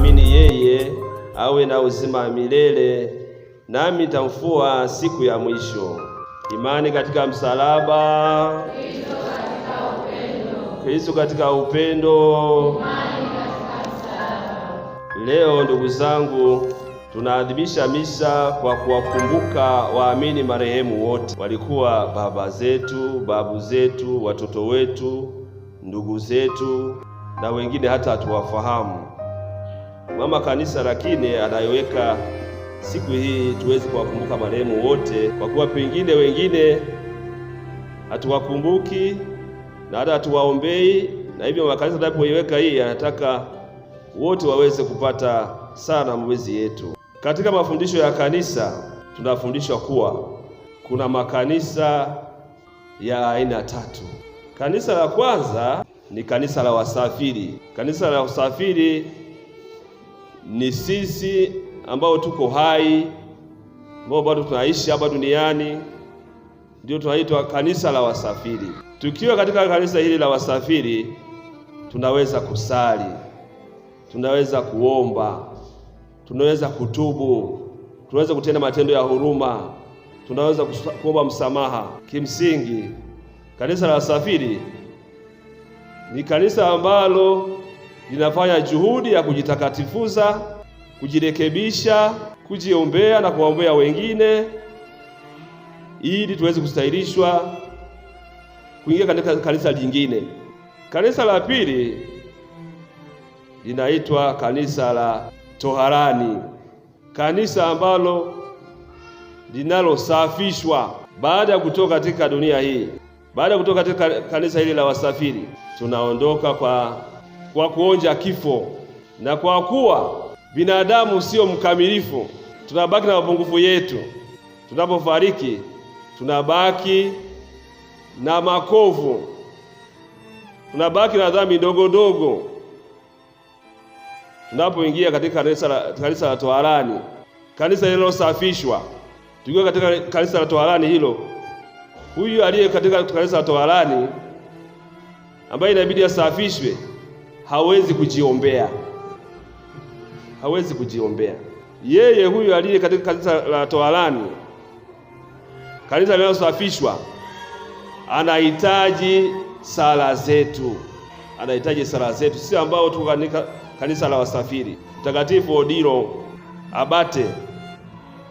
kumwamini yeye awe na uzima milele, nami nitamfufua siku ya mwisho. Imani katika msalaba, Kristo katika upendo. Leo ndugu zangu, tunaadhimisha misa kwa kuwakumbuka waamini marehemu wote. Walikuwa baba zetu, babu zetu, watoto wetu, ndugu zetu, na wengine hata hatuwafahamu mama kanisa, lakini anayoweka siku hii tuweze kuwakumbuka marehemu wote, kwa kuwa pengine wengine hatuwakumbuki na hata hatuwaombei, na hivyo mama kanisa anapoiweka hii anataka wote waweze kupata sana mawezi yetu. Katika mafundisho ya kanisa tunafundishwa kuwa kuna makanisa ya aina tatu. Kanisa la kwanza ni kanisa la wasafiri. Kanisa la wasafiri ni sisi ambao tuko hai, ambao bado tunaishi hapa duniani, ndio tunaitwa kanisa la wasafiri. Tukiwa katika kanisa hili la wasafiri, tunaweza kusali, tunaweza kuomba, tunaweza kutubu, tunaweza kutenda matendo ya huruma, tunaweza kuomba msamaha. Kimsingi, kanisa la wasafiri ni kanisa ambalo linafanya juhudi ya kujitakatifuza, kujirekebisha, kujiombea na kuwaombea wengine ili tuweze kustahilishwa kuingia katika kanisa lingine. Kanisa la pili linaitwa kanisa la toharani, kanisa ambalo linalosafishwa baada ya kutoka katika dunia hii. Baada ya kutoka katika kanisa hili la wasafiri, tunaondoka kwa kwa kuonja kifo, na kwa kuwa binadamu sio mkamilifu, tunabaki na mapungufu yetu. Tunapofariki tunabaki na makovu, tunabaki na dhambi ndogo ndogo. Tunapoingia katika kanisa la, kanisa la toharani, kanisa lililosafishwa, tukiwa katika kanisa la toharani hilo, huyu aliye katika kanisa la toharani ambaye inabidi asafishwe hawezi kujiombea, hawezi kujiombea. Yeye huyu aliye katika kanisa la toharani, kanisa linalosafishwa, anahitaji sala zetu, anahitaji sala zetu, si ambao tuko kanisa la wasafiri. Mtakatifu Odilo Abate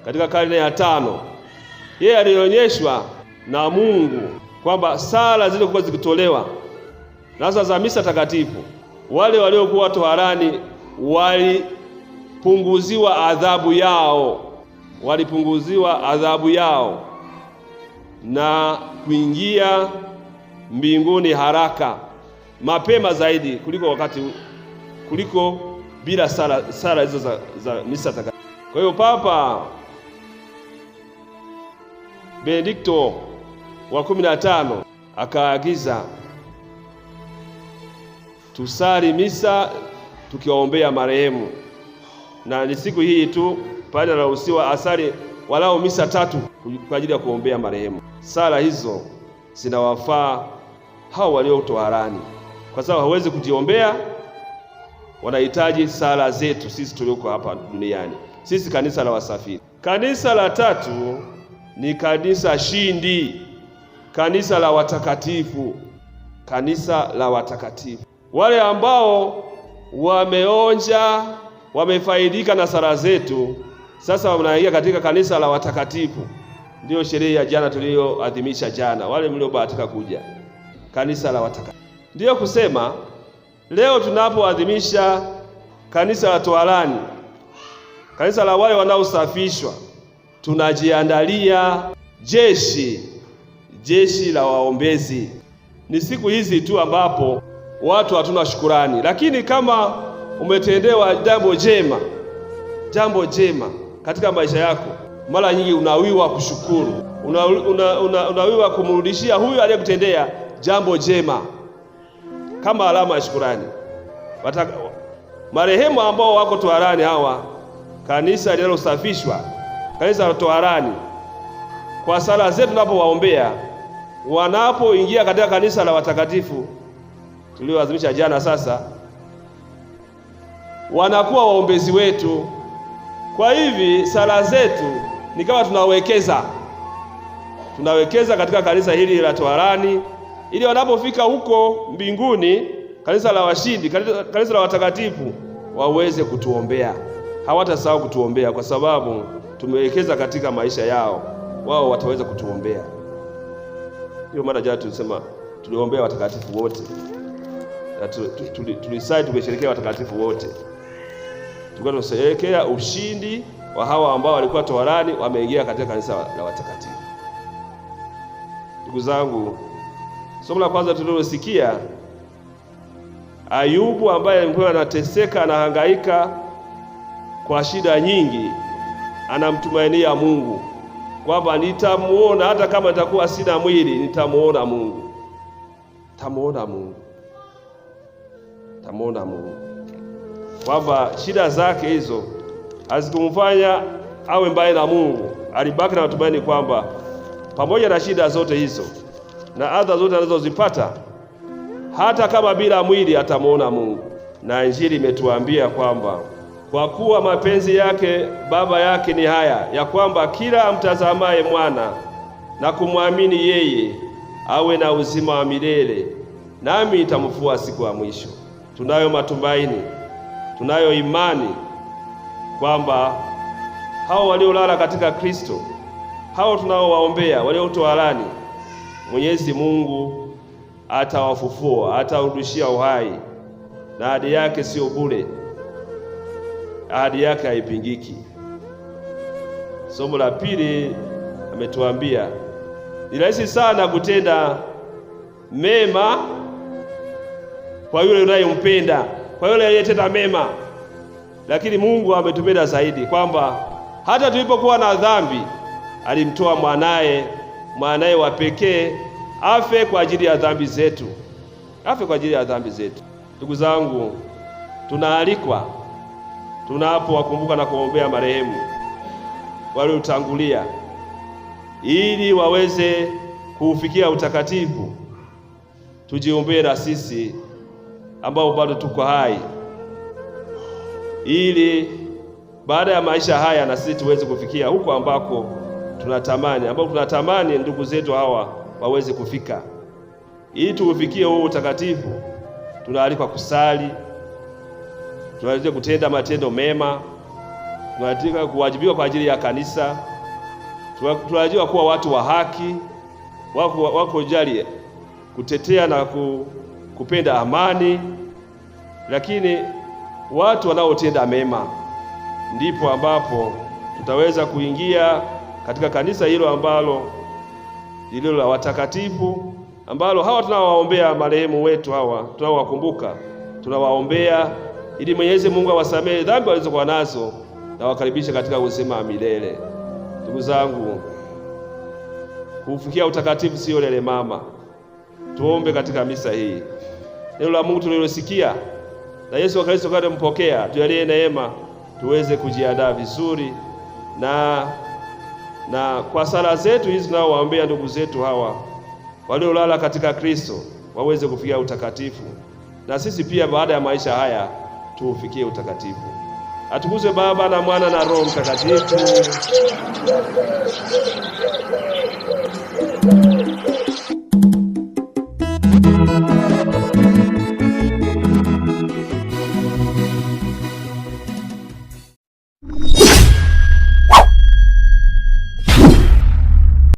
katika karne ya tano, yeye alionyeshwa na Mungu kwamba sala zilizokuwa zikitolewa na za misa takatifu wale waliokuwa toharani walipunguziwa adhabu yao, walipunguziwa adhabu yao na kuingia mbinguni haraka mapema zaidi kuliko wakati kuliko bila sala sala hizo za, za misa takatifu. Kwa hiyo Papa Benedikto wa kumi na tano akaagiza tusali misa tukiwaombea marehemu, na ni siku hii tu pale anaruhusiwa asali walao misa tatu kwa ajili ya kuombea marehemu. Sala hizo zinawafaa hao walio toharani, kwa sababu hawezi kujiombea, wanahitaji sala zetu sisi tulioko hapa duniani. Sisi kanisa la wasafiri. Kanisa la tatu ni kanisa shindi, kanisa la watakatifu, kanisa la watakatifu wale ambao wameonja wamefaidika na sala zetu, sasa wanaingia katika kanisa la watakatifu. Ndiyo sherehe ya jana tuliyoadhimisha jana, wale mliobahatika kuja kanisa la watakatifu. Ndiyo kusema leo tunapoadhimisha kanisa la toharani, kanisa la wale wanaosafishwa, tunajiandalia jeshi, jeshi la waombezi. Ni siku hizi tu ambapo watu hatuna shukurani. Lakini kama umetendewa jambo jema, jambo jema katika maisha yako, mara nyingi unawiwa kushukuru, una, una, una, unawiwa kumrudishia huyu aliyekutendea jambo jema kama alama ya shukurani. Marehemu ambao wako toharani, hawa kanisa linalosafishwa, kanisa la toharani, kwa sala zetu tunapowaombea, wanapoingia katika kanisa la watakatifu tulioadhimisha jana, sasa wanakuwa waombezi wetu. Kwa hivi sala zetu ni kama tunawekeza, tunawekeza katika kanisa hili la Twarani, ili wanapofika huko mbinguni, kanisa la washindi, kanisa la watakatifu, waweze kutuombea. Hawatasahau kutuombea kwa sababu tumewekeza katika maisha yao, wao wataweza kutuombea. Hiyo mara jana tulisema tuliombea watakatifu wote tulisali tumesherekea watakatifu wote, tulikuwa tunasherekea ushindi wa hawa ambao walikuwa toharani, wameingia katika kanisa la watakatifu. Ndugu zangu, somo la kwanza tulilosikia, Ayubu ambaye alikuwa anateseka, anahangaika kwa shida nyingi, anamtumainia Mungu kwamba nitamuona hata kama nitakuwa sina mwili, nitamuona Mungu, nitamuona Mungu akamwona Mungu, kwamba shida zake hizo hazikumfanya awe mbali na Mungu. Alibaki na matumaini kwamba pamoja na shida zote hizo na adha zote anazozipata, hata kama bila mwili atamwona Mungu. Na Injili imetuambia kwamba kwa kuwa mapenzi yake Baba yake ni haya ya kwamba kila amtazamaye mwana na kumwamini yeye awe na uzima wa milele, nami nitamfufua siku ya mwisho tunayo matumaini, tunayo imani kwamba hao waliolala katika Kristo, hao tunaowaombea, walioutoharani, Mwenyezi Mungu atawafufua, atawarudishia uhai, na ahadi yake siyo bure, ahadi yake haipingiki. Somo la pili ametuambia ni rahisi sana kutenda mema kwa yule unayempenda, kwa yule aliyetenda mema. Lakini Mungu ametupenda zaidi kwamba hata tulipokuwa na dhambi alimtoa mwanaye, mwanaye wa pekee afe kwa ajili ya dhambi zetu, afe kwa ajili ya dhambi zetu. Ndugu zangu, tunaalikwa tunapowakumbuka na kuombea marehemu waliotangulia ili waweze kuufikia utakatifu. Tujiombee na sisi ambao bado tuko hai, ili baada ya maisha haya na sisi tuweze kufikia huko ambako tunatamani, ambako tunatamani ndugu zetu hawa waweze kufika. Ili tuufikie huo utakatifu, tunaalikwa kusali, tunaalikwa kutenda matendo mema, tunaalikwa kuwajibika kwa ajili ya kanisa, tunaalikwa kuwa watu wa haki, wako, wako jali kutetea na ku kupenda amani, lakini watu wanaotenda mema, ndipo ambapo tutaweza kuingia katika kanisa hilo ambalo lililo la watakatifu, ambalo hawa tunawaombea marehemu wetu hawa tunawakumbuka, tunawaombea ili Mwenyezi Mungu awasamehe dhambi walizokuwa nazo na wakaribishe katika uzima wa milele. Ndugu zangu, kufikia utakatifu siyo lele mama. Tuombe katika misa hii neno la Mungu tulilosikia na Yesu Kristo katampokea, tujalie neema tuweze kujiandaa vizuri na na kwa sala zetu hizi tunaowaombea ndugu zetu hawa waliolala katika Kristo waweze kufikia utakatifu, na sisi pia baada ya maisha haya tuufikie utakatifu. Atukuzwe Baba na Mwana na Roho Mtakatifu.